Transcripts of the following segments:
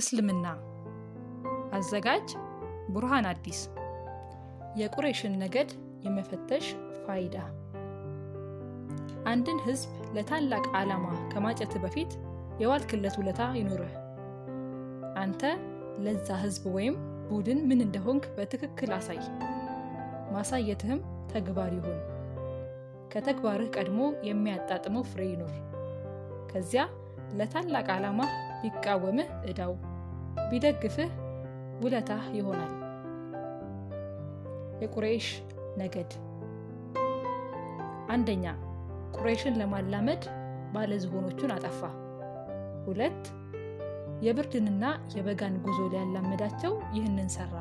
እስልምና አዘጋጅ ቡርሃን አዲስ። የቁሬሽን ነገድ የመፈተሽ ፋይዳ። አንድን ህዝብ ለታላቅ ዓላማ ከማጨት በፊት የዋልክለት ውለታ ይኑርህ። አንተ ለዛ ህዝብ ወይም ቡድን ምን እንደሆንክ በትክክል አሳይ። ማሳየትህም ተግባር ይሁን። ከተግባርህ ቀድሞ የሚያጣጥመው ፍሬ ይኖር ከዚያ ለታላቅ ዓላማ ቢቃወምህ እዳው ቢደግፍህ ውለታህ ይሆናል። የቁሬሽ ነገድ አንደኛ ቁሬሽን ለማላመድ ባለ ዝሆኖቹን አጠፋ። ሁለት የብርድንና የበጋን ጉዞ ሊያላመዳቸው ይህንን ሰራ።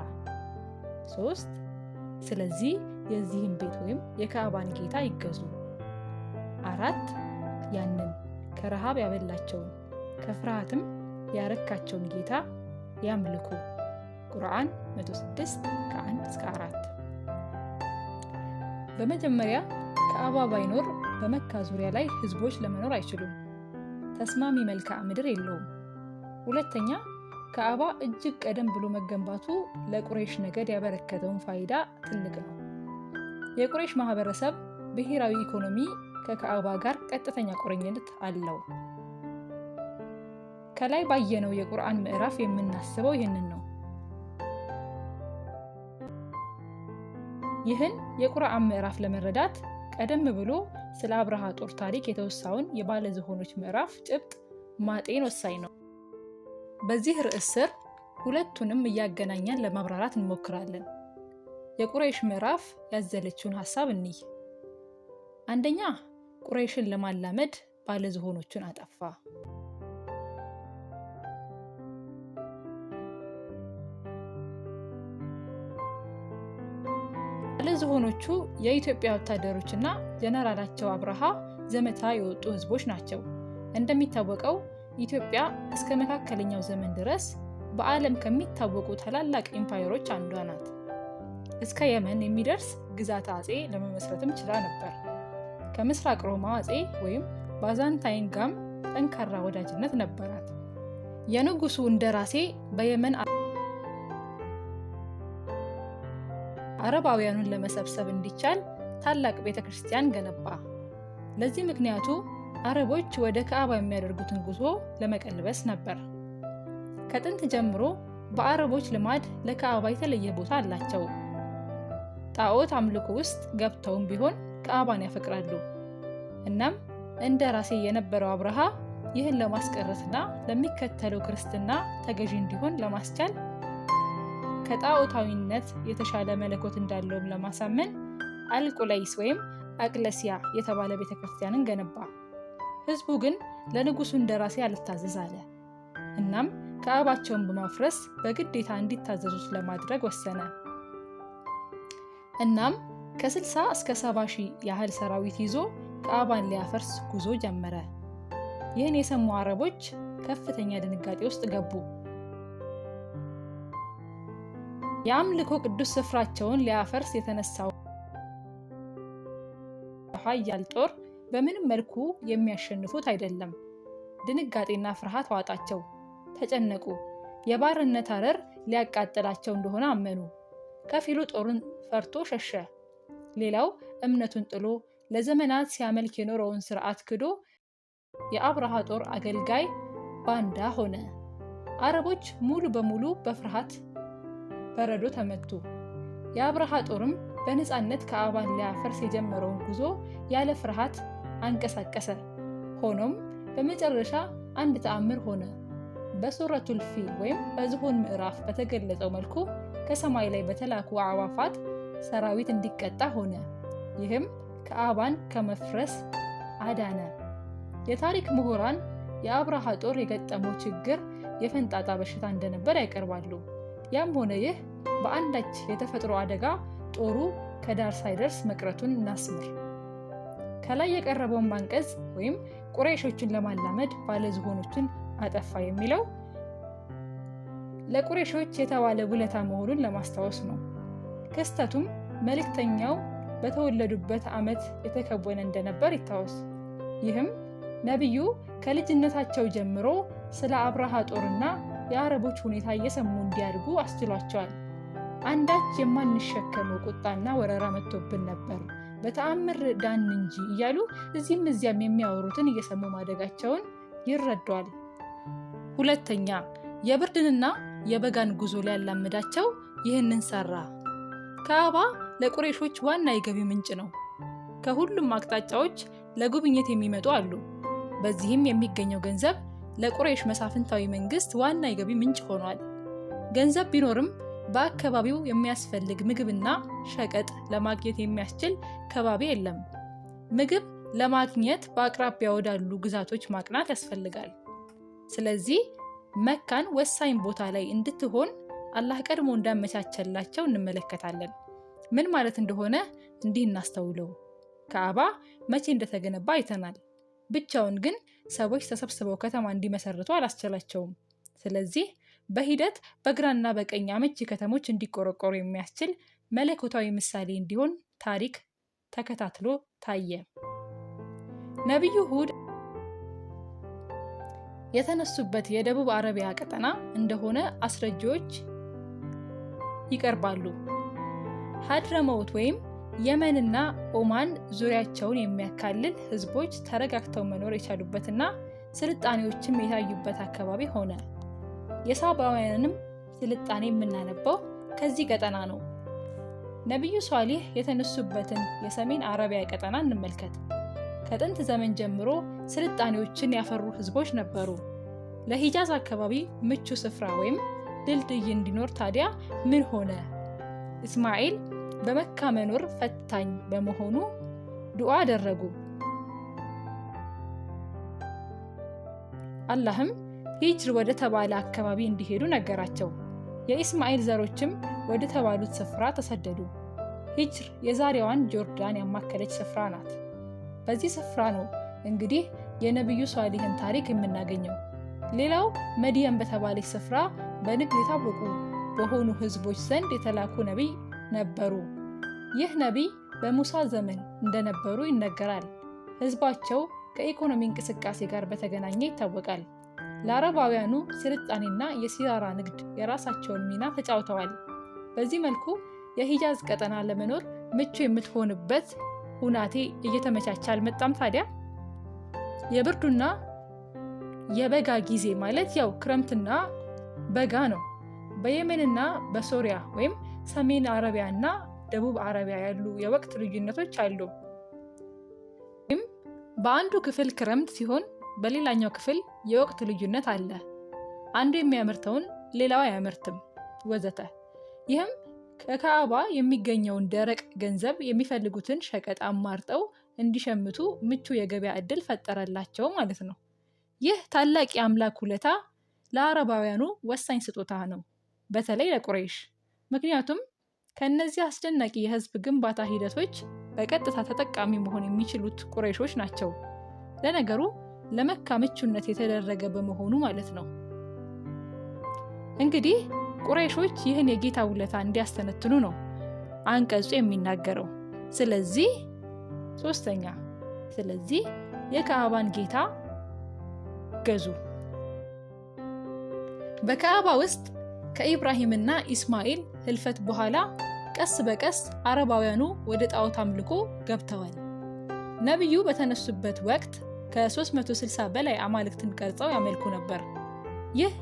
ሶስት ስለዚህ የዚህን ቤት ወይም የካዕባን ጌታ ይገዙ። አራት ያንን ከረሃብ ያበላቸውን ከፍርሃትም ያረካቸውን ጌታ ያምልኩ ቁርአን 106 ከ1 እስከ 4 በመጀመሪያ ከአባ ባይኖር በመካ ዙሪያ ላይ ህዝቦች ለመኖር አይችሉም። ተስማሚ መልክዓ ምድር የለውም። ሁለተኛ ከአባ እጅግ ቀደም ብሎ መገንባቱ ለቁሬሽ ነገድ ያበረከተውን ፋይዳ ትልቅ ነው። የቁሬሽ ማህበረሰብ ብሔራዊ ኢኮኖሚ ከከአባ ጋር ቀጥተኛ ቁርኝነት አለው። ከላይ ባየነው የቁርአን ምዕራፍ የምናስበው ይህንን ነው። ይህን የቁርአን ምዕራፍ ለመረዳት ቀደም ብሎ ስለ አብርሃ ጦር ታሪክ የተወሳውን የባለ ዝሆኖች ምዕራፍ ጭብጥ ማጤን ወሳኝ ነው። በዚህ ርዕስ ስር ሁለቱንም እያገናኘን ለማብራራት እንሞክራለን። የቁረይሽ ምዕራፍ ያዘለችውን ሀሳብ እንይ። አንደኛ ቁረይሽን ለማላመድ ባለ ዝሆኖቹን አጠፋ። ዝሆኖቹ የኢትዮጵያ ወታደሮችና ጀነራላቸው አብርሃ ዘመታ የወጡ ህዝቦች ናቸው። እንደሚታወቀው ኢትዮጵያ እስከ መካከለኛው ዘመን ድረስ በዓለም ከሚታወቁ ታላላቅ ኢምፓየሮች አንዷ ናት። እስከ የመን የሚደርስ ግዛት አጼ ለመመስረትም ችላ ነበር። ከምስራቅ ሮማ አጼ ወይም ባዛንታይን ጋም ጠንካራ ወዳጅነት ነበራት። የንጉሱ እንደራሴ በየመን አረባውያኑን ለመሰብሰብ እንዲቻል ታላቅ ቤተ ክርስቲያን ገነባ። ለዚህ ምክንያቱ አረቦች ወደ ከአባ የሚያደርጉትን ጉዞ ለመቀልበስ ነበር። ከጥንት ጀምሮ በአረቦች ልማድ ለከአባ የተለየ ቦታ አላቸው። ጣዖት አምልኮ ውስጥ ገብተውም ቢሆን ከአባን ያፈቅራሉ። እናም እንደ ራሴ የነበረው አብርሃ ይህን ለማስቀረትና ለሚከተለው ክርስትና ተገዢ እንዲሆን ለማስቻል ከጣዖታዊነት የተሻለ መለኮት እንዳለውም ለማሳመን አልቁለይስ ወይም አቅለሲያ የተባለ ቤተ ክርስቲያንን ገነባ። ህዝቡ ግን ለንጉሱ እንደራሴ አልታዘዝ አለ። እናም ከአባቸውን በማፍረስ በግዴታ እንዲታዘዙት ለማድረግ ወሰነ። እናም ከ60 እስከ 70 ሺህ ያህል ሰራዊት ይዞ ከአባን ሊያፈርስ ጉዞ ጀመረ። ይህን የሰሙ አረቦች ከፍተኛ ድንጋጤ ውስጥ ገቡ። የአምልኮ ቅዱስ ስፍራቸውን ሊያፈርስ የተነሳው ኃያል ጦር በምንም መልኩ የሚያሸንፉት አይደለም። ድንጋጤና ፍርሃት ዋጣቸው፣ ተጨነቁ። የባርነት አረር ሊያቃጥላቸው እንደሆነ አመኑ። ከፊሉ ጦርን ፈርቶ ሸሸ። ሌላው እምነቱን ጥሎ ለዘመናት ሲያመልክ የኖረውን ስርዓት ክዶ የአብርሃ ጦር አገልጋይ ባንዳ ሆነ። አረቦች ሙሉ በሙሉ በፍርሃት በረዶ ተመቱ። የአብረሃ ጦርም በነፃነት ከአባን ሊያፈርስ የጀመረውን ጉዞ ያለ ፍርሃት አንቀሳቀሰ። ሆኖም በመጨረሻ አንድ ተአምር ሆነ። በሱረቱል ፊል ወይም በዝሆን ምዕራፍ በተገለጸው መልኩ ከሰማይ ላይ በተላኩ አዕዋፋት ሰራዊት እንዲቀጣ ሆነ። ይህም ከአባን ከመፍረስ አዳነ። የታሪክ ምሁራን የአብርሃ ጦር የገጠመው ችግር የፈንጣጣ በሽታ እንደነበር ያቀርባሉ። ያም ሆነ ይህ በአንዳች የተፈጥሮ አደጋ ጦሩ ከዳር ሳይደርስ መቅረቱን እናስምር። ከላይ የቀረበውን ማንቀጽ ወይም ቁሬሾችን ለማላመድ ዝሆኖችን አጠፋ የሚለው ለቁሬሾች የተባለ ውለታ መሆኑን ለማስታወስ ነው። ክስተቱም መልእክተኛው በተወለዱበት ዓመት የተከወነ እንደነበር ይታወስ። ይህም ነቢዩ ከልጅነታቸው ጀምሮ ስለ አብርሃ ጦርና የአረቦች ሁኔታ እየሰሙ እንዲያድጉ አስችሏቸዋል። አንዳች የማንሸከመው ቁጣና ወረራ መጥቶብን ነበር። በተአምር ዳን እንጂ እያሉ እዚህም እዚያም የሚያወሩትን እየሰሙ ማደጋቸውን ይረዷል። ሁለተኛ የብርድንና የበጋን ጉዞ ሊያላምዳቸው ይህንን ሰራ። ከአባ ለቁሬሾች ዋና የገቢ ምንጭ ነው። ከሁሉም አቅጣጫዎች ለጉብኝት የሚመጡ አሉ። በዚህም የሚገኘው ገንዘብ ለቁሬሽ መሳፍንታዊ መንግስት ዋና የገቢ ምንጭ ሆኗል። ገንዘብ ቢኖርም በአካባቢው የሚያስፈልግ ምግብና ሸቀጥ ለማግኘት የሚያስችል ከባቢ የለም። ምግብ ለማግኘት በአቅራቢያ ወዳሉ ግዛቶች ማቅናት ያስፈልጋል። ስለዚህ መካን ወሳኝ ቦታ ላይ እንድትሆን አላህ ቀድሞ እንዳመቻቸላቸው እንመለከታለን። ምን ማለት እንደሆነ እንዲህ እናስተውለው። ከአባ መቼ እንደተገነባ አይተናል። ብቻውን ግን ሰዎች ተሰብስበው ከተማ እንዲመሰርቱ አላስቻላቸውም። ስለዚህ በሂደት በግራና በቀኝ አመቺ ከተሞች እንዲቆረቆሩ የሚያስችል መለኮታዊ ምሳሌ እንዲሆን ታሪክ ተከታትሎ ታየ። ነቢዩ ሁድ የተነሱበት የደቡብ አረቢያ ቀጠና እንደሆነ አስረጂዎች ይቀርባሉ። ሀድረመውት ወይም የመንና ኦማን ዙሪያቸውን የሚያካልል ህዝቦች ተረጋግተው መኖር የቻሉበትና ስልጣኔዎችም የታዩበት አካባቢ ሆነ። የሳባውያንንም ስልጣኔ የምናነባው ከዚህ ቀጠና ነው። ነቢዩ ሷሊህ የተነሱበትን የሰሜን አረቢያ ቀጠና እንመልከት። ከጥንት ዘመን ጀምሮ ስልጣኔዎችን ያፈሩ ህዝቦች ነበሩ። ለሂጃዝ አካባቢ ምቹ ስፍራ ወይም ድልድይ እንዲኖር ታዲያ ምን ሆነ? እስማኤል በመካ መኖር ፈታኝ በመሆኑ ዱዓ አደረጉ። አላህም ሂጅር ወደ ተባለ አካባቢ እንዲሄዱ ነገራቸው። የኢስማኤል ዘሮችም ወደ ተባሉት ስፍራ ተሰደዱ። ሂጅር የዛሬዋን ጆርዳን ያማከለች ስፍራ ናት። በዚህ ስፍራ ነው እንግዲህ የነቢዩ ሷሊህን ታሪክ የምናገኘው። ሌላው መድየን በተባለች ስፍራ በንግድ የታወቁ በሆኑ ህዝቦች ዘንድ የተላኩ ነቢይ ነበሩ። ይህ ነቢይ በሙሳ ዘመን እንደነበሩ ይነገራል። ህዝባቸው ከኢኮኖሚ እንቅስቃሴ ጋር በተገናኘ ይታወቃል። ለአረባውያኑ ስልጣኔና የሲራራ ንግድ የራሳቸውን ሚና ተጫውተዋል። በዚህ መልኩ የሂጃዝ ቀጠና ለመኖር ምቹ የምትሆንበት ሁናቴ እየተመቻቸ አልመጣም ታዲያ? የብርዱና የበጋ ጊዜ ማለት ያው ክረምትና በጋ ነው። በየመንና በሶሪያ ወይም ሰሜን አረቢያና ደቡብ አረቢያ ያሉ የወቅት ልዩነቶች አሉ። ግን በአንዱ ክፍል ክረምት ሲሆን በሌላኛው ክፍል የወቅት ልዩነት አለ። አንዱ የሚያመርተውን ሌላው አያመርትም ወዘተ። ይህም ከካዕባ የሚገኘውን ደረቅ ገንዘብ የሚፈልጉትን ሸቀጥ አማርጠው እንዲሸምቱ ምቹ የገበያ ዕድል ፈጠረላቸው ማለት ነው። ይህ ታላቅ የአምላክ ውለታ ለአረባውያኑ ወሳኝ ስጦታ ነው፣ በተለይ ለቁረይሽ። ምክንያቱም ከእነዚህ አስደናቂ የህዝብ ግንባታ ሂደቶች በቀጥታ ተጠቃሚ መሆን የሚችሉት ቁረይሾች ናቸው። ለነገሩ ለመካ ምቹነት የተደረገ በመሆኑ ማለት ነው። እንግዲህ ቁረይሾች ይህን የጌታ ውለታ እንዲያስተነትኑ ነው አንቀጹ የሚናገረው። ስለዚህ ሶስተኛ ስለዚህ የካዕባን ጌታ ገዙ። በካዕባ ውስጥ ከኢብራሂምና ኢስማኤል ህልፈት በኋላ ቀስ በቀስ አረባውያኑ ወደ ጣዖት አምልኮ ገብተዋል። ነቢዩ በተነሱበት ወቅት ከ360 በላይ አማልክትን ቀርጸው ያመልኩ ነበር። ይህ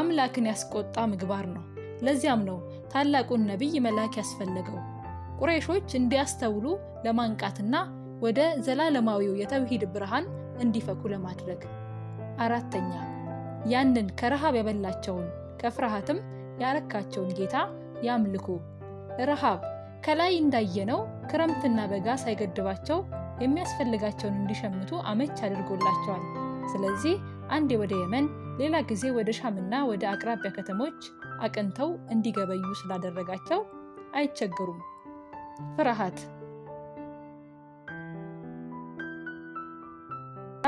አምላክን ያስቆጣ ምግባር ነው። ለዚያም ነው ታላቁን ነቢይ መላክ ያስፈለገው ቁረይሾች እንዲያስተውሉ ለማንቃትና ወደ ዘላለማዊው የተውሂድ ብርሃን እንዲፈኩ ለማድረግ። አራተኛ ያንን ከረሃብ ያበላቸውን ከፍርሃትም ያረካቸውን ጌታ ያምልኩ። ረሃብ ከላይ እንዳየነው ክረምትና በጋ ሳይገድባቸው የሚያስፈልጋቸውን እንዲሸምቱ አመች አድርጎላቸዋል። ስለዚህ አንዴ ወደ የመን ሌላ ጊዜ ወደ ሻምና ወደ አቅራቢያ ከተሞች አቅንተው እንዲገበዩ ስላደረጋቸው አይቸገሩም። ፍርሃት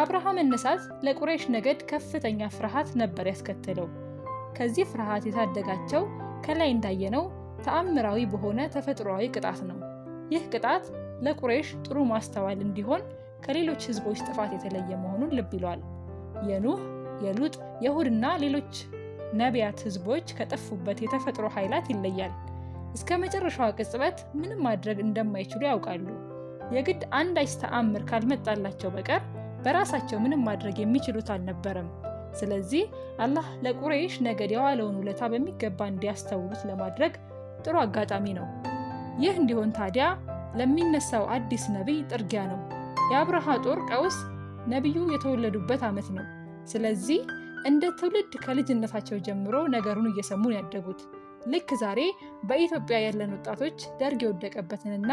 የአብርሃም እነሳት ለቁሬሽ ነገድ ከፍተኛ ፍርሃት ነበር ያስከተለው። ከዚህ ፍርሃት የታደጋቸው ከላይ እንዳየነው ተአምራዊ በሆነ ተፈጥሯዊ ቅጣት ነው። ይህ ቅጣት ለቁሬሽ ጥሩ ማስተዋል እንዲሆን ከሌሎች ህዝቦች ጥፋት የተለየ መሆኑን ልብ ይሏል። የኑህ የሉጥ የሁድና ሌሎች ነቢያት ህዝቦች ከጠፉበት የተፈጥሮ ኃይላት ይለያል። እስከ መጨረሻዋ ቅጽበት ምንም ማድረግ እንደማይችሉ ያውቃሉ። የግድ አንዳች ተአምር ካልመጣላቸው በቀር በራሳቸው ምንም ማድረግ የሚችሉት አልነበረም። ስለዚህ አላህ ለቁረይሽ ነገድ የዋለውን ውለታ በሚገባ እንዲያስተውሉት ለማድረግ ጥሩ አጋጣሚ ነው። ይህ እንዲሆን ታዲያ ለሚነሳው አዲስ ነቢይ ጥርጊያ ነው። የአብርሃ ጦር ቀውስ ነቢዩ የተወለዱበት ዓመት ነው። ስለዚህ እንደ ትውልድ ከልጅነታቸው ጀምሮ ነገሩን እየሰሙን ያደጉት ልክ ዛሬ በኢትዮጵያ ያለን ወጣቶች ደርግ የወደቀበትንና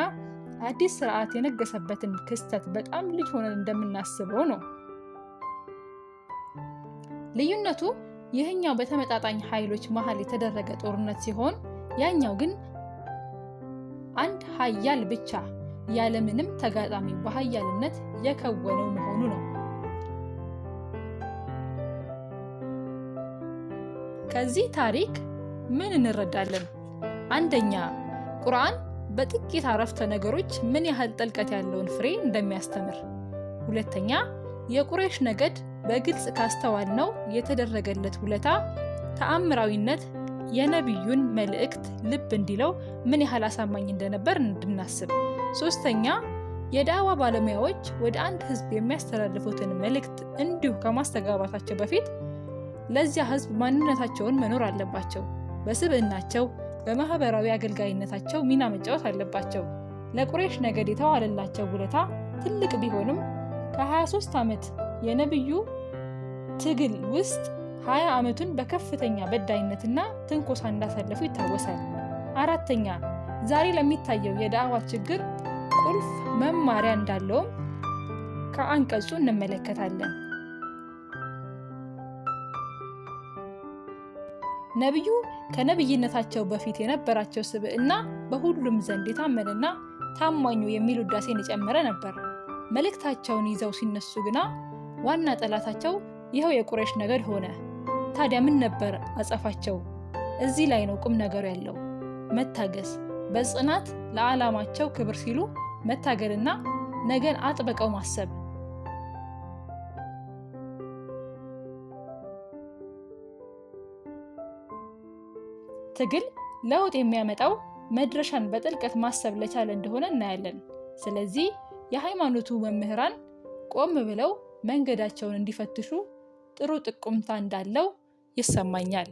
አዲስ ስርዓት የነገሰበትን ክስተት በጣም ልጅ ሆነን እንደምናስበው ነው። ልዩነቱ ይህኛው በተመጣጣኝ ኃይሎች መሀል የተደረገ ጦርነት ሲሆን ያኛው ግን አንድ ሀያል ብቻ ያለምንም ተጋጣሚ በሀያልነት የከወነው መሆኑ ነው። ከዚህ ታሪክ ምን እንረዳለን? አንደኛ ቁርአን በጥቂት አረፍተ ነገሮች ምን ያህል ጥልቀት ያለውን ፍሬ እንደሚያስተምር። ሁለተኛ የቁሬሽ ነገድ በግልጽ ካስተዋል ነው የተደረገለት ውለታ ተአምራዊነት የነቢዩን መልእክት ልብ እንዲለው ምን ያህል አሳማኝ እንደነበር እንድናስብ። ሶስተኛ የዳዋ ባለሙያዎች ወደ አንድ ህዝብ የሚያስተላልፉትን መልእክት እንዲሁ ከማስተጋባታቸው በፊት ለዚያ ህዝብ ማንነታቸውን መኖር አለባቸው። በስብዕናቸው፣ በማህበራዊ አገልጋይነታቸው ሚና መጫወት አለባቸው። ለቁሬሽ ነገድ የተዋለላቸው ውለታ ትልቅ ቢሆንም ከ23 ዓመት የነቢዩ ትግል ውስጥ 20 ዓመቱን በከፍተኛ በዳይነትና ትንኮሳ እንዳሳለፉ ይታወሳል። አራተኛ ዛሬ ለሚታየው የዳዕዋ ችግር ቁልፍ መማሪያ እንዳለውም ከአንቀጹ እንመለከታለን። ነቢዩ ከነብይነታቸው በፊት የነበራቸው ስብዕና በሁሉም ዘንድ የታመነና ታማኙ የሚል ውዳሴን የጨመረ ነበር። መልእክታቸውን ይዘው ሲነሱ ግና ዋና ጠላታቸው ይኸው የቁረሽ ነገድ ሆነ። ታዲያ ምን ነበር አጸፋቸው? እዚህ ላይ ነው ቁም ነገሩ ያለው። መታገስ፣ በጽናት ለዓላማቸው ክብር ሲሉ መታገልና ነገን አጥብቀው ማሰብ ትግል ለውጥ የሚያመጣው መድረሻን በጥልቀት ማሰብ ለቻለ እንደሆነ እናያለን። ስለዚህ የሃይማኖቱ መምህራን ቆም ብለው መንገዳቸውን እንዲፈትሹ ጥሩ ጥቁምታ እንዳለው ይሰማኛል።